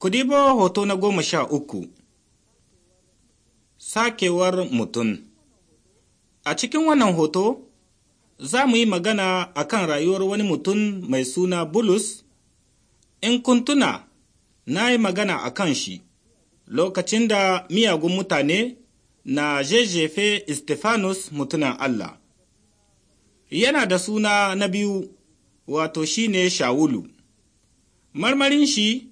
Ku dibo hoto na goma sha uku, sakewar mutum. A cikin wannan hoto, za mu yi magana a kan rayuwar wani mutum mai suna Bulus, in kuntuna na yi magana a kan shi, lokacin da miyagun mutane na jejefe Stefanus mutunan Allah. Yana da suna na biyu, wato shine Shawulu. Marmarin shi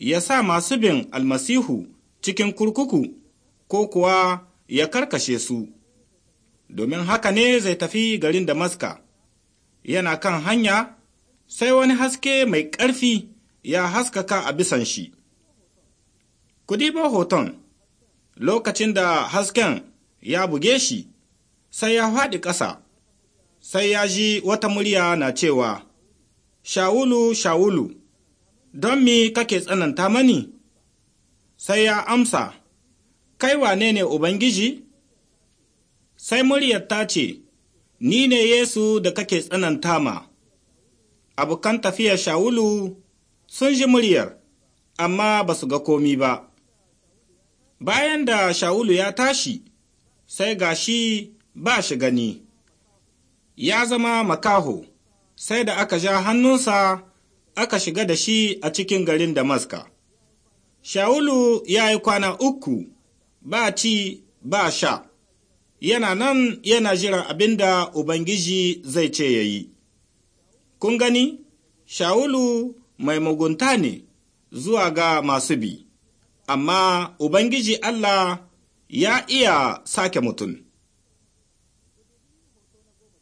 ya sa masu bin almasihu cikin kurkuku ko kuwa ya karkashe su, domin haka ne zai tafi garin Damaska. Yana kan hanya, sai wani haske mai ƙarfi ya haskaka a bisan shi. Kudi ba hoton, lokacin da hasken ya buge shi, sai ya faɗi ƙasa, sai ya ji wata murya na cewa, Shawulu, Shawulu, don mi kake tsananta mani? Sai ya amsa, Kai wane ne Ubangiji? Sai muryar ta ce, Ni ne Yesu da kake tsananta ma. Abokan tafiya Shawulu sun ji muryar, amma ba su ga komi ba. Bayan da Shawulu ya tashi, sai gashi ba shi gani. Ya zama makaho, sai da aka ja hannunsa aka shiga da shi a cikin garin Damaska. Shawulu ya yi kwana uku ba ci ba sha, yana nan yana jiran abin da Ubangiji zai ce ya yi. Kun gani, Shawulu mai mugunta ne zuwa ga masu bi, amma Ubangiji Allah ya iya sake mutum.